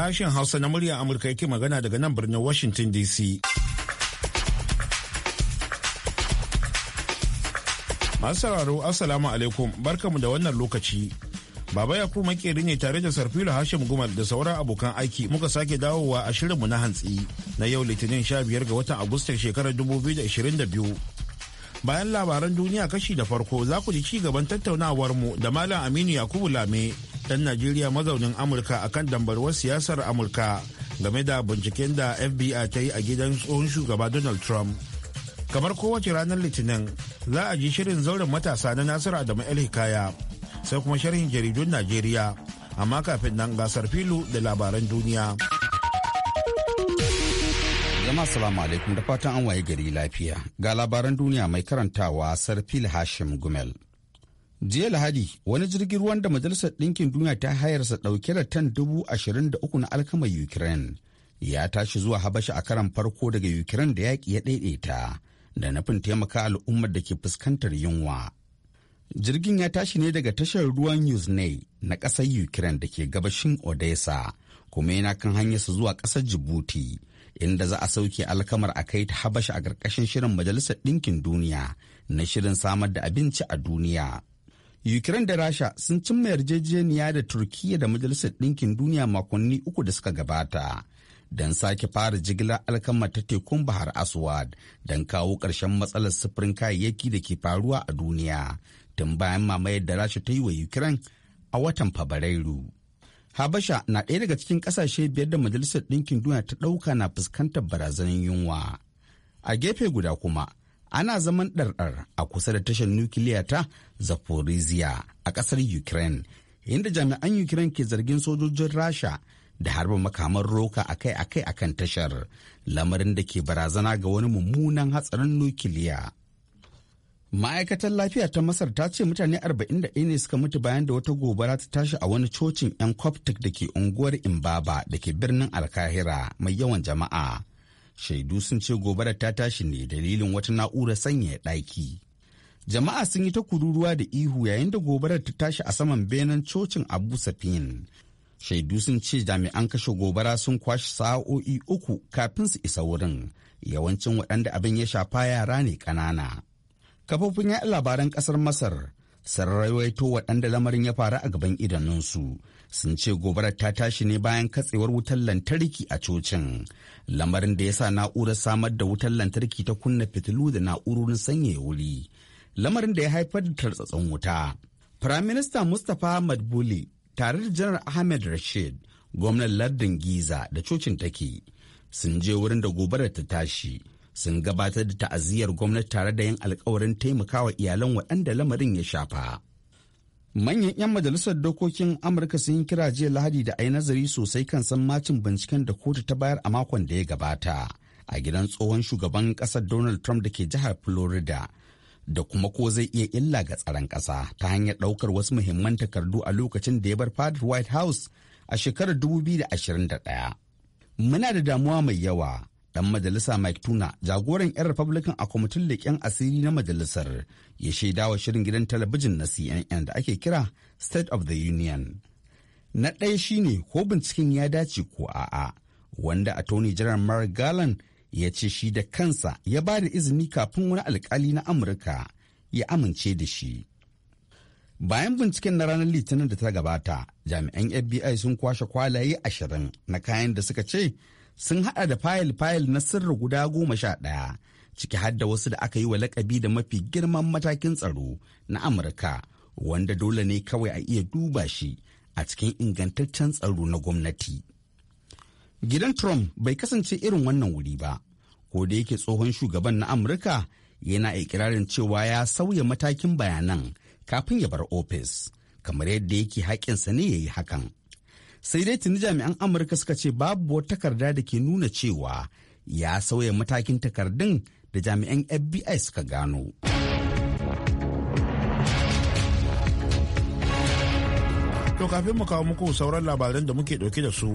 Sashen Hausa na murya Amurka yake magana daga nan birnin Washington DC. Masu sauraro Assalamu alaikum barkamu da wannan lokaci. Baba Yakubu makeri ne tare da Sarfilo Hashim Gumal da sauran abokan aiki muka sake dawowa a shirinmu na hantsi na yau Litinin 15 ga watan Agustan shekarar da da biyu. Bayan labaran duniya kashi da farko za ku ji ci gaban tattaunawarmu da Malam Aminu Yakubu Lame ɗan najeriya mazaunin amurka akan dambarwar siyasar amurka game da binciken da fbi ta yi a gidan tsohon shugaba donald trump kamar kowace ranar litinin za a ji shirin zauren matasa na nasiru adamu el hikaya sai kuma sharhin jaridun najeriya amma kafin nan gasar filu da labaran duniya zama salamu alaikum da fatan an waye gari lafiya ga labaran duniya mai karantawa sarfil hashim gumel jiya lahadi wani jirgin ruwan da majalisar ɗinkin duniya ta hayarsa ɗauke da tan dubu ashirin da uku na alkamar ukraine ya tashi zuwa habasha a karan farko daga ukraine da yaƙi ya ɗaiɗaita da nufin taimaka al'ummar da ke fuskantar yunwa jirgin ya tashi ne daga tashar ruwan yuzne na ƙasar ukraine da ke gabashin odessa kuma yana kan hanyarsa zuwa ƙasar djibouti inda za a sauke alkamar a kai ta habasha a ƙarƙashin shirin majalisar ɗinkin duniya na shirin samar da abinci a duniya Ukraine da Rasha sun cimma yarjejeniya da Turkiyya da Majalisar Ɗinkin Duniya makonni uku da suka gabata don sake fara jigilar alkama ta tekun Bahar Aswad don kawo ƙarshen matsalar sufurin kayayyaki da ke faruwa a duniya tun bayan mamayar da Rasha ta yi wa Ukraine a watan Fabrairu. Habasha na ɗaya daga cikin ƙasashe biyar da Majalisar Ɗinkin Duniya ta ɗauka na fuskantar barazanin yunwa. A gefe guda kuma, ana zaman ɗarɗar a kusa da tashar nukiliya ta zaporizhia a ƙasar ukraine inda jami'an ukraine ke zargin sojojin rasha da harba makaman roka akai-akai a kan tashar lamarin da ke barazana ga wani mummunan hatsarin nukiliya ma'aikatar lafiya ta masar ta ce mutane 41 ne suka mutu bayan da wata gobara ta tashi a wani cocin 'yan coptic da ke unguwar imbaba da ke birnin alkahira mai yawan jama'a shaidu sun ce gobarar ta tashi ne dalilin wata na'urar sanya ɗaki jama'a sun yi ta kururuwa da ihu yayin da gobarar ta tashi a saman benen cocin abu safin shaidu sun ce jami'an kashe gobara sun kwashe sa'o'i uku kafin su isa wurin yawancin waɗanda abin ya shafa yara ne ƙanana kafofin ya'yan labaran ƙasar masar sararwaito waɗanda lamarin ya faru a gaban idanunsu sun ce gobarar ta tashi ne bayan katsewar wutar lantarki a cocin lamarin da ya sa na'urar samar da wutar lantarki ta kunna fitilu da na'urorin sanyaya wuri lamarin da ya haifar da tartsatsin wuta firaminista mustapha madbuli tare da janar ahmed rashid gwamnan lardin giza da cocin take sun je wurin da gobarar ta tashi sun gabatar da ta'aziyyar gwamnati tare da yin alkawarin taimakawa iyalan waɗanda lamarin ya shafa. Manyan 'yan majalisar dokokin Amurka sun yi kira jiya Lahadi da a nazari sosai kan san macin binciken da kotu ta bayar a makon da ya gabata a gidan tsohon shugaban ƙasar Donald Trump da ke jihar Florida da kuma ko zai iya illa ga tsaron ƙasa ta hanyar ɗaukar wasu muhimman takardu a lokacin da ya bar fadar White House a shekarar 2021. Muna da damuwa mai yawa dan majalisa mike tuna jagoran 'yan republican a kwamitin leƙen asiri na majalisar ya shaidawa shirin gidan talabijin na cnn da ake kira state of the union na ɗaya shine ko binciken ya dace ko a'a wanda attorney general mark garland ya ce shi da kansa ya ba da izini kafin wani alkali na amurka ya amince da shi bayan binciken na ranar litinin da ta gabata jami'an fbi sun kwashe kwalaye ashirin na kayan da suka ce sun hada da fayil-fayil na sirri guda goma sha ɗaya ciki har da wasu da aka yi wa lakabi da mafi girman matakin tsaro na amurka wanda dole ne kawai a iya duba shi a cikin ingantaccen tsaro na gwamnati gidan trump bai kasance irin wannan wuri ba ko da yake tsohon shugaban na amurka yana ikirarin cewa ya sauya matakin bayanan kafin ya bar ofis kamar yadda yake haƙinsa ne ya yi hakan sai dai tuni jami'an amurka suka ce babu wata takarda da ke nuna cewa ya sauya matakin takardun da jami'an fbi suka gano to kafin mu kawo muku sauran labaran da muke dauke da su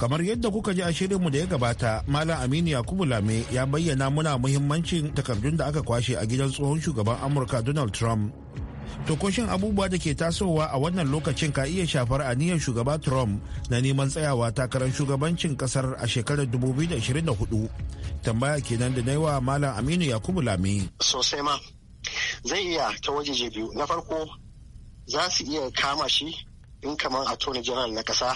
kamar yadda kuka ji a shirinmu da ya gabata malam aminu yakubu lame ya bayyana muna muhimmancin takardun da aka kwashe a gidan tsohon shugaban amurka donald trump To abubuwa da ke tasowa a wannan lokacin ka iya shafar a niyyar shugaba Trump na neman tsayawa takarar shugabancin kasar a shekarar 2024. Tambaya kenan da naiwa Malam Aminu Yakubu Lami. Sosai ma. Zai iya ta wajeje biyu. Na farko za su iya kama shi in kamar a toni general na kasa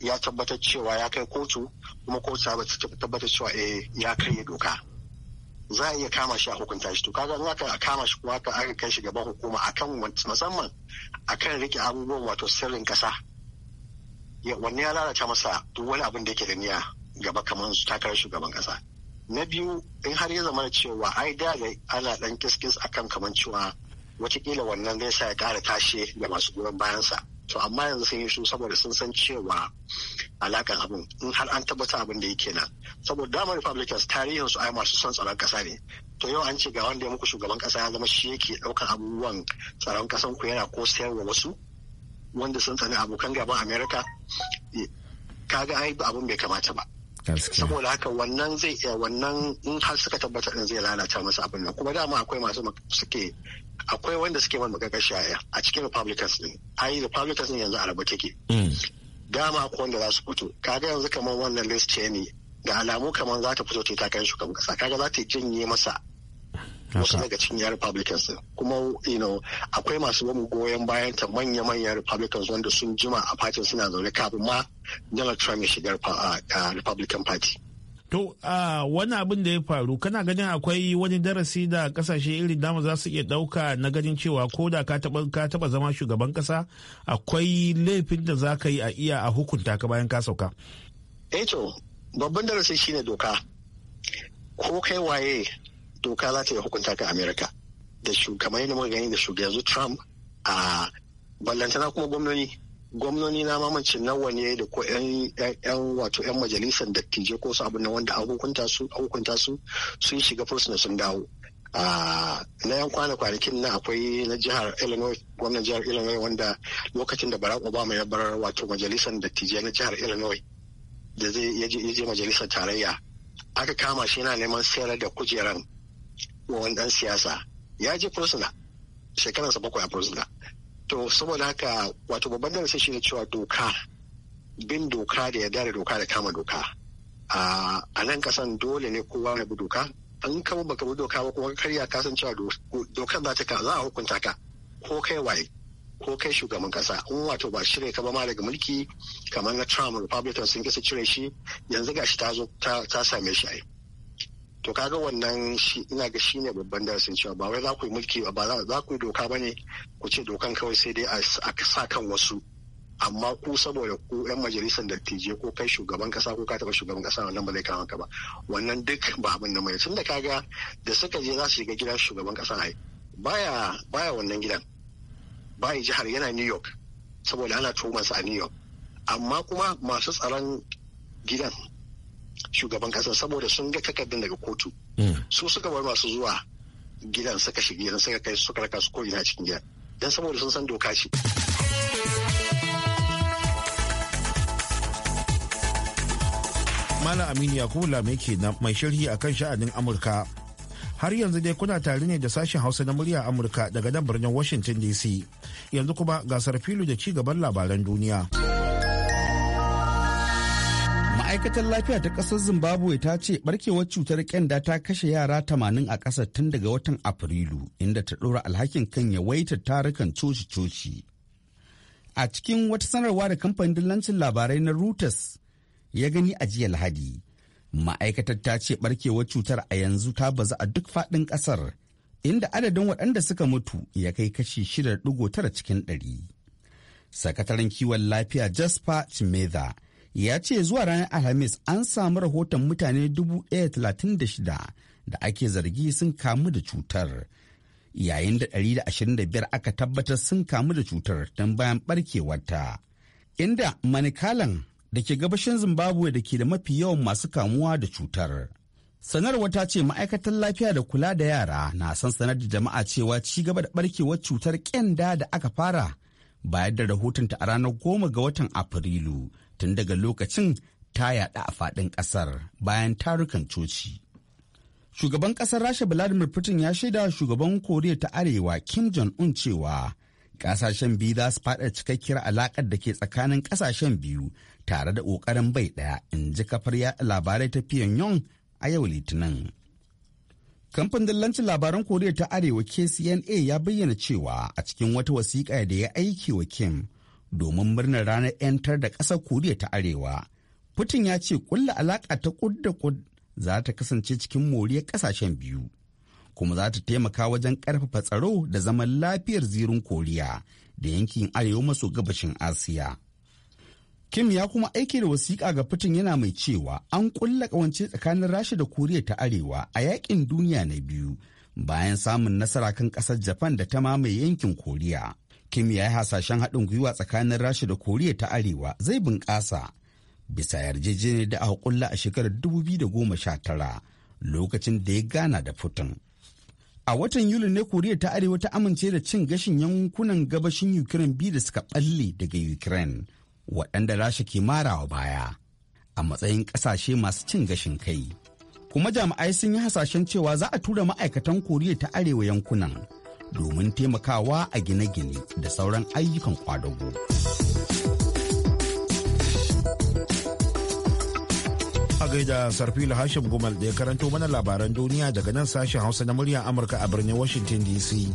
ya tabbatar cewa ya kai kotu kuma kotu ta tabbatar cewa eh, ya kai doka. za a iya kama shi a hukunta shi to kaga in aka kama shi kuma aka aka kai shi gaban hukuma akan musamman akan rike abubuwan wato sirrin kasa wanne ya lalata masa duk wani abin da yake da niyya gaba kamar su takarar shugaban kasa na biyu in har ya zama cewa ai da ana dan kiskis akan kamar cewa watakila wannan zai sa ya kara tashe ga masu goyon bayansa to amma yanzu sun yi su saboda sun san cewa alakan abin in har an tabbatar abin da yake nan saboda dama republicans tarihin su ai masu son tsaron kasa ne to yau an ce ga wanda ya muku shugaban kasa ya zama shi yake daukan abubuwan tsaron kasan ku yana ko sayarwa wasu wanda sun tsani abokan gaban america kaga ai abin bai kamata ba saboda haka wannan zai wannan in har suka tabbatar din zai lalata masa abin nan kuma dama akwai masu suke akwai wanda suke man shaya a cikin republicans ne. ai republicans ne yanzu araba take hmm. dama ko wanda za su fito kaga yanzu kamar wannan list ce ne Da alamu kamar za ta fito ta takarar shugaban kasa kaga za ta janye masa wasu daga cikin yan republicans kuma you akwai masu bamu goyon bayan ta manya-manyan republicans wanda sun jima a fatin suna zaune kafin ma donald trump ya shiga uh, uh, republican party To, a wani abin da ya faru, kana ganin akwai wani darasi da kasashe irin dama za su iya ɗauka na ganin cewa ko da ka taba zama shugaban kasa akwai laifin da za ka yi a iya a hukunta ka bayan ka sauka. Eh to, babban darasi shine doka. Ko kai waye doka za ta yi hukunta ka Amerika. Da shugabanni da muka gani da shugaban Trump a ballantana kuma gwamnoni gwamnoni na mamancin nawa ne da ko yan wato yan majalisar dattijai ko su abu na wanda an hukunta su su sun shiga fursuna sun dawo na yan kwana kwanakin na akwai na jihar illinois gwamnan jihar illinois wanda lokacin da barack obama ya bar wato majalisar dattijai na jihar illinois da zai je majalisar tarayya aka kama shi yana neman sayar da kujeran wa wani dan siyasa ya je fursuna shekaransa bakwai a fursuna to saboda haka wato babban darasi shine cewa doka bin doka da ya da doka da kama doka a nan kasan dole ne kowa ya bi doka an kama baka bi doka ba kuma karya ka san cewa dokar za ta ka za a hukunta ka ko kai waye ko kai shugaban kasa in wato ba shirya ka ba ma daga mulki kamar na Trump republican sun kisa cire shi yanzu gashi ta zo ta same shi yi to kaga wannan shi ina ga shi ne babban darasin cewa ba wai za ku yi mulki ba za ku yi doka ba ne ku ce dokan kawai sai dai a sa kan wasu amma ku saboda ku yan majalisar dattijai ko kai shugaban kasa ko ka taba shugaban kasa wannan ba zai kama ka ba wannan duk ba abin da mai tunda kaga da suka je za su shiga gidan shugaban kasa ai baya baya wannan gidan baya jihar yana New York saboda ana tuhumarsa a New York amma kuma masu tsaron gidan shugaban kasa saboda sun ga takardun daga kotu hmm. su suka bar masu zuwa gidan suka shiga gidan suka kai suka raka su ko'ina cikin gidan don saboda sun san doka ce. Malam Aminu Yakubu Lame kenan mai sharhi akan sha'anin Amurka. Har yanzu dai kuna tare ne da sashen Hausa na murya Amurka daga nan birnin Washington DC. Yanzu kuma gasar filu da ci gaban labaran duniya. ma'aikatar lafiya ta ƙasar zimbabwe ta ce barkewar cutar kyanda ta kashe yara tamanin a ƙasar tun daga watan afrilu inda ta ɗora alhakin kan yawaitar tarukan coci-coci a cikin wata sanarwa da kamfanin dillancin labarai na reuters ya gani a jiya lahadi ma'aikatar ta ce barkewar cutar a yanzu ta bazu a duk faɗin ƙasar inda adadin waɗanda suka mutu ya kai kashi 6.9 cikin ɗari. sakataren kiwon lafiya jasper chimeza ya ce zuwa ranar alhamis an samu rahoton mutane 1,036 da ake zargi sun kamu da cutar yayin da 125 aka tabbatar sun kamu da cutar don bayan barkewarta inda manikalan da ke gabashin zimbabwe da ke da mafi yawan masu kamuwa da cutar sanarwa ta ce ma'aikatar lafiya da kula da yara na son sanar da jama'a cewa ci gaba da barkewar cutar kyanda da aka fara bayar da rahotonta a ranar goma ga watan afrilu tun daga lokacin ta yaɗa a faɗin ƙasar bayan tarukan coci. Shugaban ƙasar Rasha Vladimir Putin ya shaida shugaban Koriya ta Arewa Kim Jong-un cewa ƙasashen biyu za su faɗa cikakkiyar alaƙar da ke tsakanin ƙasashen biyu tare da ƙoƙarin bai ɗaya in ji kafar yaɗa labarai ta Pyongyang a yau Litinin. Kamfanin dillancin labaran Koriya ta Arewa KCNA ya bayyana cewa a cikin wata wasiƙa da ya aiki wa Kim domin murnar ranar 'yantar da ƙasar koriya ta arewa putin ya ce kulla alaƙa ta kud da kud za ta kasance cikin moriyar ƙasashen biyu kuma za ta taimaka wajen ƙarfafa tsaro da zaman lafiyar zirin koriya da yankin arewa maso gabashin asiya kim ya kuma aiki da wasiƙa ga putin yana mai cewa an ƙulla ƙawance tsakanin rasha da koriya ta arewa a yaƙin duniya na biyu bayan samun nasara kan ƙasar japan da ta mamaye yankin koriya Kim ya yi hasashen haɗin gwiwa tsakanin Rasha da Koriya ta Arewa zai bunƙasa bisa yarjejeniyar da aka kulla a shekarar dubu da goma sha tara. lokacin da ya gana da Putin. A watan Yuli ne Koriya ta Arewa ta amince da cin gashin yankunan gabashin Ukraine biyu da suka ɓalle daga Ukraine waɗanda Rasha ke marawa baya a matsayin ƙasashe masu cin gashin kai. Kuma jami'ai sun yi hasashen cewa za a tura ma'aikatan Koriya ta Arewa yankunan. domin taimakawa a gine-gine da sauran ayyukan kwadago. A gaida Sarfila Hashim Gumal da ya karanto mana labaran duniya daga nan sashen Hausa na muryar Amurka a birnin Washington DC.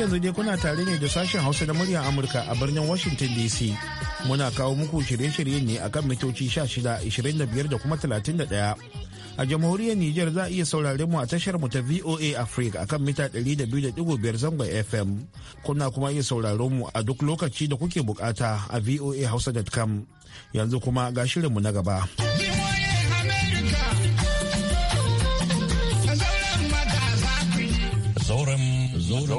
yanzu dai kuna tare ne da sashen Hausa da muryar Amurka a birnin Washington DC. Muna kawo muku shirye-shiryen ne akan mitoci 16, 25 da kuma 31. A jamhuriyar Nijar za a iya saurare mu a tashar mu ta VOA Africa akan mita 200.5 zangon FM. Kuna kuma iya sauraro mu a duk lokaci da kuke bukata a voa hausa.com Yanzu kuma ga shirinmu na gaba. Yeah!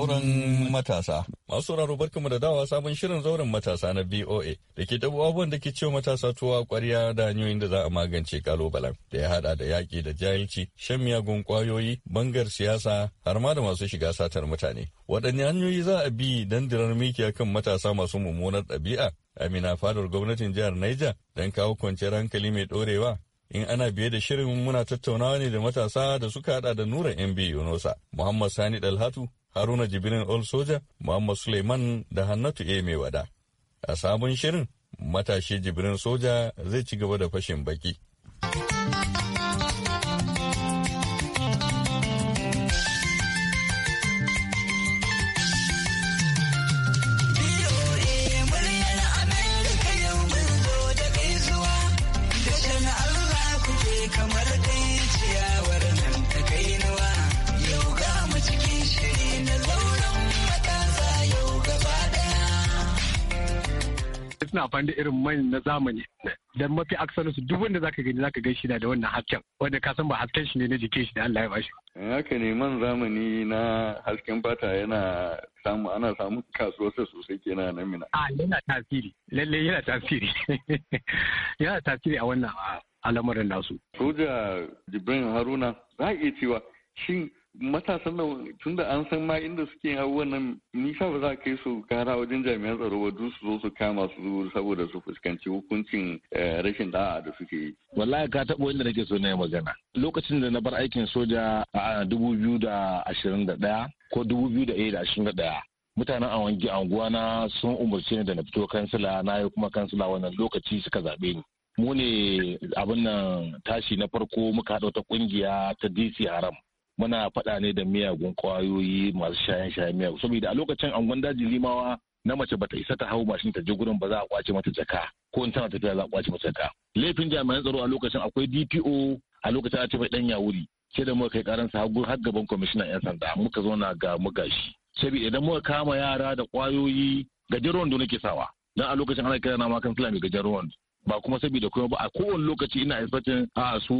zauren mm. matasa. Masu sauraro barkamu da dawa sabon shirin zauren matasa na BOA da ke tabo abubuwan da ke cewa matasa tuwa kwarya da hanyoyin da za a magance kalobalan da ya hada da yaƙi da jahilci, shan miyagun kwayoyi, bangar siyasa har ma da masu shiga satar mutane. Waɗanne hanyoyi za a bi don dirar mikiya kan matasa masu mummunar ɗabi'a? Amina fadar gwamnatin jihar Niger don kawo kwanciyar hankali mai ɗorewa in ana biye da shirin muna tattaunawa ne da matasa da suka hada da nura yan biyu nosa muhammad sani dalhatu Haruna Jibirin Old Soja, Muhammad Suleiman da Hannatu A. Mai wada. A sabon shirin, matashi Jibirin Soja zai ci gaba da fashin baki duk suna amfani da irin man na zamani dan mafi aksarin su duk wanda zaka gani zaka gaishe da wannan hasken wanda ka san ba hasken shi ne na jikin shi da Allah ya bashi haka ne man zamani na hasken fata yana samu ana samu kasuwarsa sosai kenan nan mina a yana tasiri lalle yana tasiri yana tasiri a wannan al'amarin nasu soja Jibrin Haruna za a iya cewa shin matasan nan tun da an san ma inda suke hau wannan nisa ba za a kai su kara wajen jami'an tsaro ba su zo su kama su saboda su fuskanci hukuncin eh, rashin da'a da suke yi. Wallahi ka taɓa inda nake so na yin magana. Lokacin da na bar aikin soja a dubu biyu da ashirin da ɗaya ko dubu biyu da ɗaya da ashirin da ɗaya. Mutanen a anguwa na sun umarci ni da na fito kansila na yi kuma kansila wannan lokaci suka zaɓe ni. mu ne abin nan tashi na farko muka haɗa wata ƙungiya ta DC Haram muna faɗa ne da miyagun kwayoyi masu shayan shayan miyagun saboda a lokacin angon daji limawa na mace ba ta isa ta hau mashin ta je gurin ba za a kwace mata jaka ko in tana tafiya za a kwace mata jaka laifin jami'an tsaro a lokacin akwai DPO a lokacin a ce mai dan yawuri sai da muka kai karan sa har gaban kwamishinan yan sanda muka zauna ga muka shi sabi idan muka kama yara da kwayoyi gajeruwan da nake sawa dan a lokacin ana kira na ma kan fulani gajeruwan ba kuma saboda kuma ba a kowane lokaci ina aifatin a su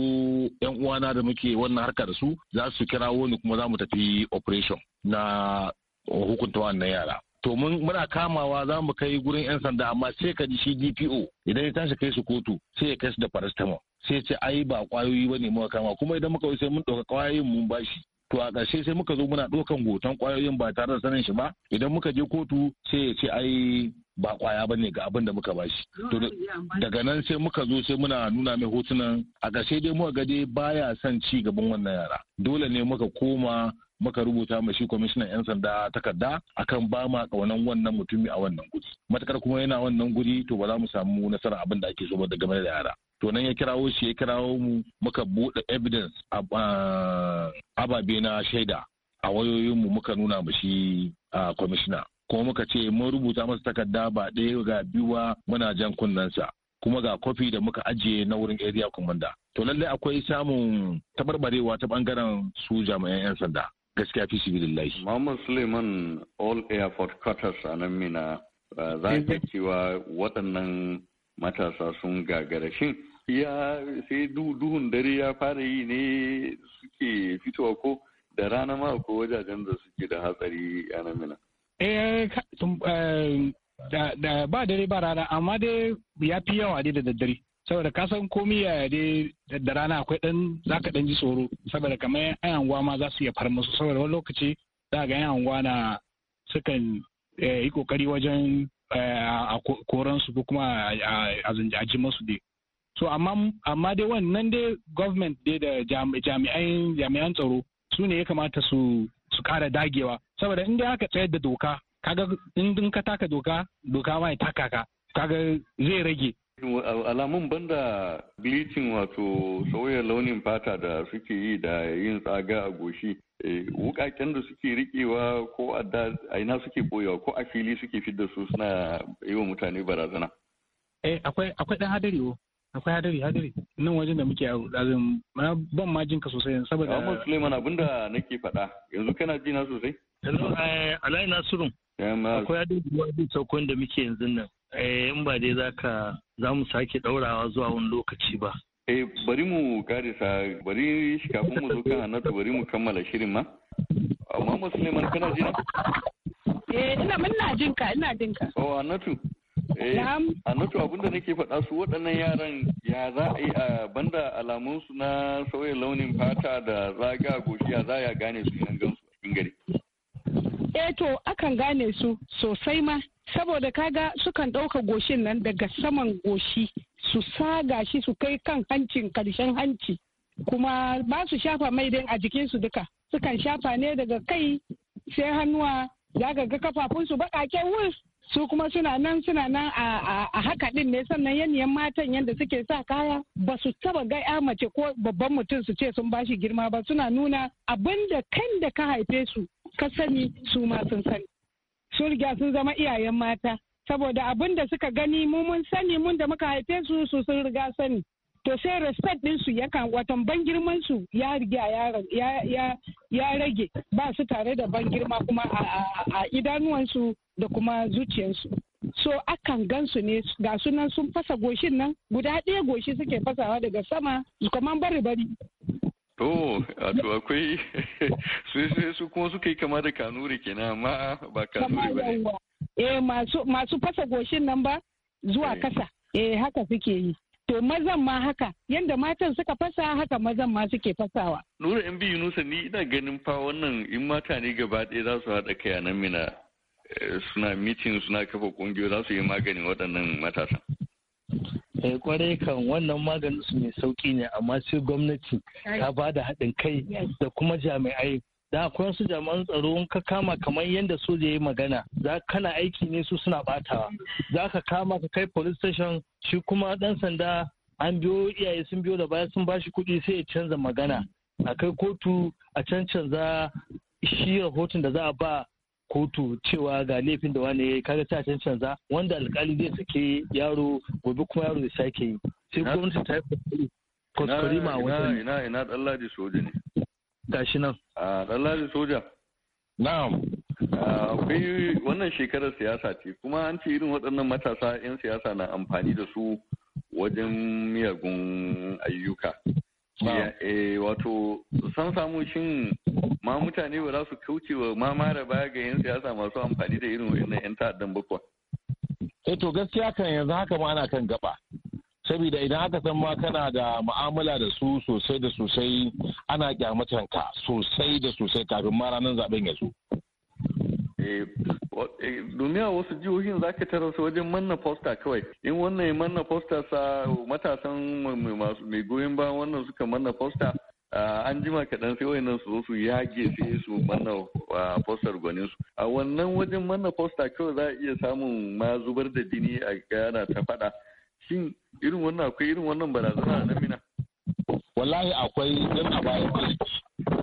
yan uwana da muke wannan harka da su za su kira wani kuma za mu tafi operation na hukunta wannan yara to mun muna kamawa za mu kai gurin yan sanda amma sai ka ji shi DPO idan ya tashi kai su kotu sai ya kai su da paracetamol sai ce ai ba kwayoyi ne muka kama kuma idan muka sai mun ɗauka kwayoyin mun bashi to a ƙarshe sai muka zo muna ɗaukan hoton kwayoyin ba tare da sanin shi ba idan muka je kotu sai ya ce ai ba kwaya ba ne ga abin da muka bashi. daga nan sai muka zo sai muna nuna mai hotunan a sai dai muka ga dai baya son ci gaban wannan yara. Dole ne muka koma muka rubuta mashi shi kwamishinan 'yan sanda takarda akan ba ma kaunan wannan mutumi a wannan guri. Matakar kuma yana wannan guri to ba za mu samu nasara abin da ake so ba da game da yara. to nan ya kirawo shi ya kirawo mu muka buɗe evidence ababe na shaida a wayoyinmu muka nuna mashi shi kwamishina kuma muka ce mun rubuta masa takarda ba ɗaya ga biyu ba muna jan kunnensa kuma ga kofi da muka ajiye na wurin area commander to lallai akwai samun tabarbarewa ta bangaren su jami'an 'yan sanda gaskiya fi sibilillahi. Muhammad Suleiman All Airport Quarters a nan mina za cewa waɗannan matasa sun gagara shin ya sai duhun dare ya fara yi ne suke fitowa ko da rana ma ko wajajen da suke da hatsari a nan mina. Eh, eh, da ba dare ba rana amma dai ya fi yawa dai da daddare saboda kasan san komi ya dai da rana akwai dan zaka dan ji tsoro saboda kamar yan anguwa ma za su iya far musu saboda wani lokaci za ga yan anguwa na sukan eh, yi kokari wajen a koran su ko kuma a ji musu dai so amma dai wannan dai government dai da jami'an tsaro su ne ya kamata su su kara dagewa saboda in dai aka tsayar da doka kaga in ka taka doka doka ma ya taka ka kaga zai rage alamun banda bleaching wato sauya launin fata da suke yi da yin tsaga a goshi eh, wukaken da suke rikewa ko a ina suke boyewa ko a fili suke fidda su suna yi wa mutane barazana eh akwai akwai dan hadari oh. akwai hadari hadari nan wajen da muke yaro Na ban majin ka sosai saboda Ahmad Suleiman abinda nake faɗa yanzu kana ji na sosai yanzu eh, Alai Nasiru akwai hadari ruwa da saukon da muke yanzu nan eh, in ba dai zaka za mu sake ɗaurawa zuwa wani lokaci ba Eh bari mu karisa bari kafin mu zo kan annatu bari mu kammala shirin ma amma Suleiman, kana ji na Eh ina muna jinka ina jinka Oh annatu a eh, nato abinda nake faɗa su waɗannan yaran ya za a yi a banda alamunsu na sauya launin fata da zaga goshi ya za a gane su yan gansu a cikin gari. Eh to akan gane su sosai ma saboda kaga sukan ɗauka goshin nan daga saman goshi su saga shi su kai kan hancin karshen hanci kuma ba su shafa mai dai a jikinsu duka sukan shafa ne daga kai sai hannuwa za ga kafafunsu baƙaƙen wuri. su kuma suna nan suna nan a haka din ne sannan yanayin matan yadda suke sa kaya ba su taba ga mace ko babban mutum su ce sun bashi girma ba suna nuna abin da kan da ka haife su ka sani su ma sun sani sun riga sun zama iyayen mata saboda abin da suka gani mu mun sani mun da muka haife su su sun riga sani to sai respect ɗinsu yakan watan ban girman su ya riga ya rage ba su tare da ban girma kuma a idanuwansu da kuma zuciyarsu so akan gansu ne ga sunan sun fasa goshin nan guda ɗaya goshi suke fasawa daga sama kamar bari bari To, to akwai su kuma suka yi kama da kanuri kenan amma ba kanuri ba eh masu masu fasa goshin nan ba zuwa eh. kasa. Eh haka suke yi. to mazan ma haka yadda matan suka fasa haka mazan ma suke fasawa. Nura in biyu Yunusa ni ina ganin fa wannan in mata ne gaba ɗaya za su haɗa kai a nan mina eh, suna mitin suna kafa ƙungiyoyi za su yi maganin waɗannan matasan. Eh kwarai kan wannan maganin su mai sauki ne amma sai gwamnati ta ba da haɗin kai da kuma jami'ai da akwai wasu jami'an tsaro in ka kama kamar yadda soja ya magana za kana aiki ne su suna batawa za ka kama ka kai police station shi kuma dan sanda an biyo iyaye sun biyo da baya sun bashi kuɗi sai ya canza magana a kai kotu a can canza shi rahoton da za a ba kotu cewa ga laifin da wani kaga ta can canza wanda alkali zai sake yaro gobe kuma yaro zai sake yi sai gwamnati ta yi kuskure ma wani ina ina dan soja ne gashi nan Ɗanladi soja. Na'am. Akwai wannan shekarar siyasa ce kuma an ce irin waɗannan matasa 'yan siyasa na amfani da su wajen miyagun ayyuka. Eh, wato san samu shin ma mutane ba za su kauce wa ma mara baya ga 'yan siyasa masu amfani da irin waɗannan 'yan ta'addan bakwa. Eto eh, gaskiya kan yanzu haka ma ana kan gaba. saboda idan aka san ma kana da mu'amala da su sosai da sosai ana kyamatan ka sosai da sosai kafin ma ranar zaben ya zo eh, eh, duniya wasu jihohin za ka tara su wajen manna fosta kawai in wannan ya manna fosta sa matasan mai goyon bayan wannan suka manna fosta an jima kaɗan sai nan su zo su yage sai su manna fostar gwanin su a wannan wajen manna fosta kawai za a iya samun ma zubar da jini a gana ta faɗa shin irin wannan akwai irin wannan barazana na mina wallahi akwai yan a bayan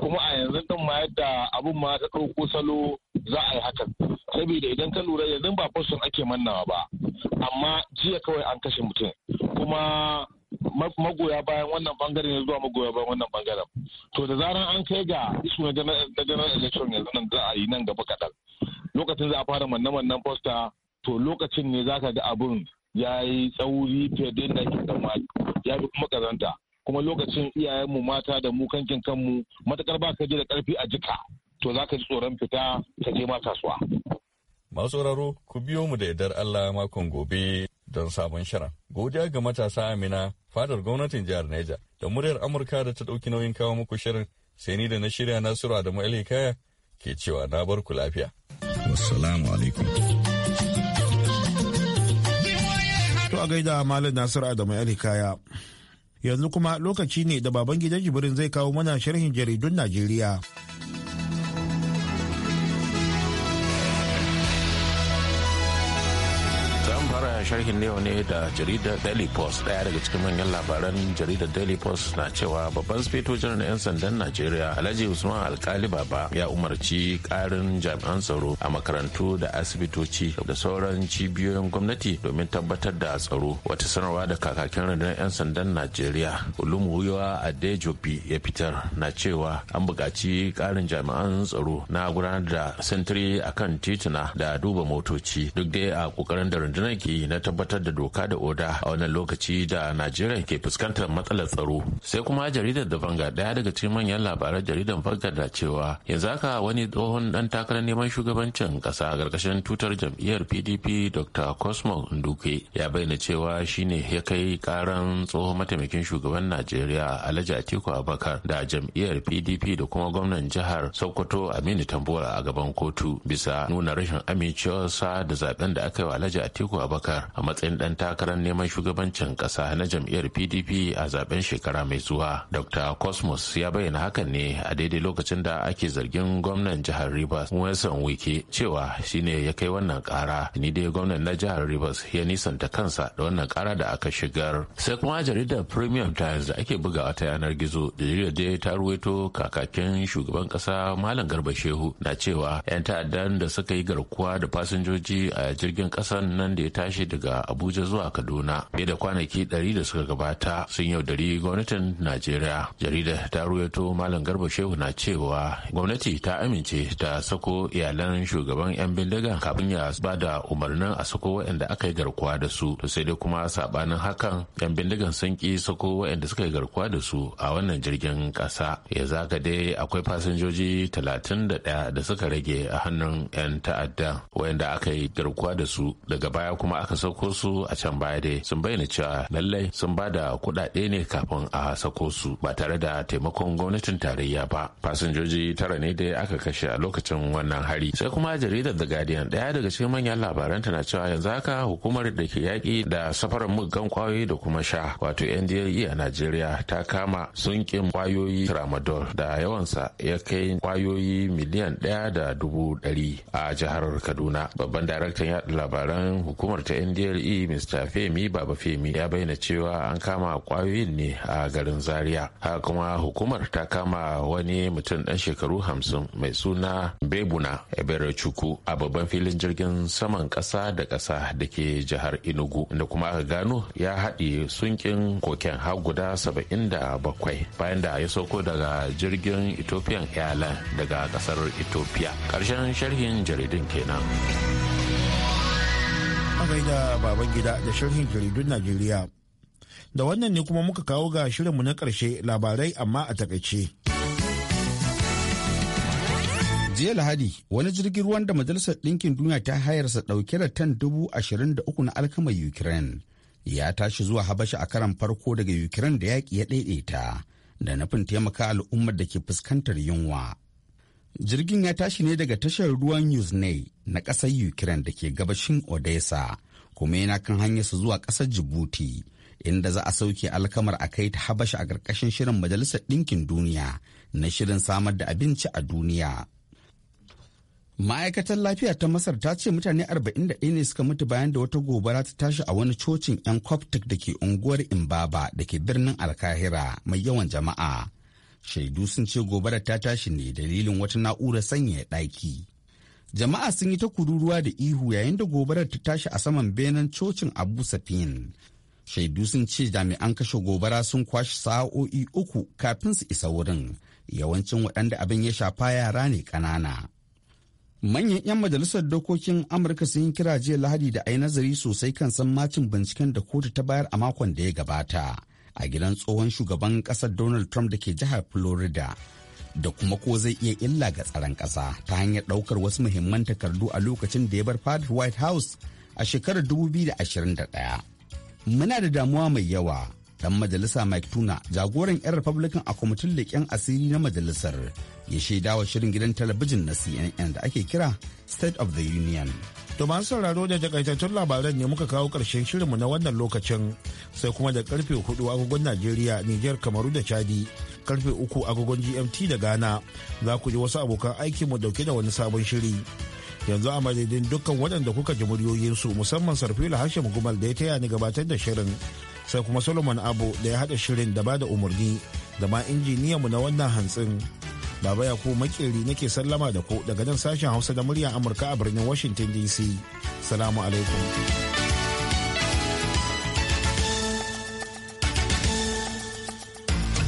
kuma a yanzu din ma yadda abun ma ta ɗauko salo za a yi hakan saboda idan ka lura yanzu ba fashion ake mannawa ba amma jiya kawai an kashe mutum kuma magoya bayan wannan bangare ne zuwa magoya bayan wannan bangaren to da zaran an kai ga isu na general election yanzu nan za a yi nan gaba kaɗan lokacin za a fara manne-mannen poster to lokacin ne za ka ga abun ya yi tsauri fiye da yadda ake ya fi kuma kazanta kuma lokacin iyayenmu mata da mu kankin kanmu matakar ba ka je da karfi a jika to za ka ji tsoron fita ka je ma kasuwa. Masu sauraro ku biyo mu da yardar Allah makon gobe don sabon shirin. Godiya ga matasa Amina fadar gwamnatin jihar Neja da muryar Amurka da ta ɗauki nauyin kawo muku shirin sai ni da na shirya Nasiru Adamu kaya ke cewa na bar ku lafiya. Wassalamu alaikum. To a gaida Malam Nasiru Adamu Hikaya. Yanzu kuma lokaci ne da baban gidan Jibrin zai kawo mana sharhin jaridun Najeriya. sharhin yau ne da jaridar daily post daya daga cikin manyan labaran jaridar daily post na cewa babban sufeto na 'yan sandan najeriya alhaji usman alkali baba ya umarci karin jami'an tsaro a makarantu da asibitoci da sauran cibiyoyin gwamnati domin tabbatar da tsaro wata sanarwa da kakakin rundunar 'yan sandan najeriya a adejobi ya fitar na cewa an buƙaci karin jami'an tsaro na gudanar da sentiri akan tituna da duba motoci duk dai a kokarin da rundunar ke na tabbatar da doka da oda a wannan lokaci da najeriya ke fuskantar matsalar tsaro sai kuma jaridar da banga daya daga cikin manyan labaran jaridar banga da cewa yanzu haka wani tsohon dan takarar neman shugabancin kasa karkashin tutar jam'iyyar pdp dr cosmo nduke ya bayyana cewa shine ya kai karan tsohon mataimakin shugaban najeriya alhaji atiku abubakar da jam'iyyar pdp da kuma gwamnan jihar sokoto aminu Tambuwa a gaban kotu bisa nuna rashin amincewarsa da zaben da aka yi wa alhaji atiku abubakar a matsayin ɗan takarar neman shugabancin ƙasa na jam'iyyar PDP a zaben shekara mai zuwa. Dr. Cosmos ya bayyana hakan ne a daidai lokacin da ake zargin gwamnan jihar Rivers Wilson Wike cewa shine ya kai wannan kara. Ni dai gwamnan na jihar Rivers ya nisanta kansa da wannan kara da aka shigar. Sai kuma jaridar Premium Times da ake bugawa ta yanar gizo jaridar da ta ruwaito kakakin shugaban ƙasa Malam Garba Shehu na cewa 'yan ta'addan da suka yi garkuwa da fasinjoji a jirgin ƙasan nan da ya tashi daga abuja zuwa kaduna fiye da kwanaki ɗari da suka gabata sun yaudari gwamnatin najeriya jaridar ta ruwaito malam garba shehu na cewa gwamnati ta amince ta sako iyalan shugaban yan bindiga kafin ya ba da umarnin a sako waɗanda aka yi garkuwa da su to sai dai kuma sabanin hakan yan bindigan sun ki sako waɗanda suka yi garkuwa da su a wannan jirgin ƙasa ya zaka dai akwai fasinjoji 31 da suka rage a hannun yan ta'adda waɗanda aka yi garkuwa da su daga baya kuma aka Sauko su a can baya dai sun bayyana cewa lallai sun ba da kuɗaɗe ne kafin a sauko su ba tare da taimakon gwamnatin tarayya ba fasinjoji tara ne dai aka kashe a lokacin wannan hari sai kuma jaridar the guardian ɗaya daga cikin manyan labaran tana cewa yanzu haka hukumar da ke yaƙi da safarar muggan kwayoyi da kuma sha wato ndle a najeriya ta kama sunkin kwayoyi tramadol da yawansa ya kai kwayoyi miliyan ɗaya da dubu ɗari a jihar kaduna babban daraktan yaɗa labaran hukumar ta ndle mr femi baba femi ya bayyana cewa an kama kwayoyin ne a garin zaria haka kuma hukumar ta kama wani mutum ɗan shekaru hamsin mai suna bebuna ebere chuku a babban filin jirgin saman ƙasa da ƙasa da ke jihar enugu da kuma aka gano ya haɗe sunkin koken har guda saba'in da bakwai bayan da ya sauko daga jirgin ethiopian airlines daga ƙasar ethiopia ƙarshen sharhin jaridin kenan. a gaida baban gida da sharhin jaridun Najeriya. Da wannan ne kuma muka kawo ga shirinmu na ƙarshe labarai amma a takaice. jiya lahadi wani jirgin ruwan da majalisar ɗinkin duniya ta hayarsa ɗauke da tan dubu ashirin da uku na alkamar ukraine ya tashi zuwa habasha a karan farko daga ukraine da yaƙi ya ɗaiɗaita da nufin taimaka al'ummar da ke fuskantar yunwa jirgin ya tashi ne daga tashar ruwan yuzne na ƙasar Ukraine da ke gabashin Odessa kuma yana kan hanyarsa zuwa ƙasar Djibouti inda za a sauke alkamar a kai ta Habasha a ƙarƙashin shirin Majalisar Ɗinkin Duniya na shirin samar da abinci a duniya. Ma'aikatar lafiya ta Masar ta ce mutane 41 ne suka mutu bayan da wata gobara ta tashi a wani cocin 'yan Coptic da ke unguwar Imbaba da ke birnin Alkahira mai yawan jama'a. Shaidu sun ce gobara ta tashi ne dalilin wata na'urar sanya ɗaki. jama'a sun yi ta kururuwa da ihu yayin da gobarar ta tashi a saman benen cocin abu safin shaidu sun ce jami'an kashe gobara sun kwashe sa'o'i uku kafin su isa wurin yawancin waɗanda abin ya shafa yara ne ƙanana manyan 'yan majalisar dokokin amurka sun yi kira jiya lahadi da ayi nazari sosai kan san macin binciken da kotu ta bayar a makon da ya gabata a gidan tsohon shugaban ƙasar donald trump da ke jihar florida da kuma ko zai iya illa ga tsaron ƙasa ta hanyar ɗaukar wasu muhimman takardu a lokacin da ya bar fadar White House a shekarar 2021. Muna da damuwa mai yawa, ɗan majalisa Mike Tuna jagoran 'yan Republican a kwamitin leƙen asiri na majalisar ya wa shirin gidan talabijin na CNN da ake kira State of the Union. To masu sauraro da takaitattun labaran ne muka kawo ƙarshen shirinmu na wannan lokacin sai kuma da karfe hudu agogon Najeriya, niger Kamaru da Chadi karfe uku agogon gmt da ghana za ku ji wasu abokan aikinmu dauke da wani sabon shiri yanzu a madadin dukkan waɗanda kuka ji muryoyinsu musamman sarfila hashim gumal da ya taya ni gabatar da shirin sai kuma solomon abu da ya haɗa shirin da bada umarni da ma injiniyanmu na wannan hantsin baba ya ku makeri nake sallama da ku daga nan sashen hausa da muryar amurka a birnin washington dc salamu alaikum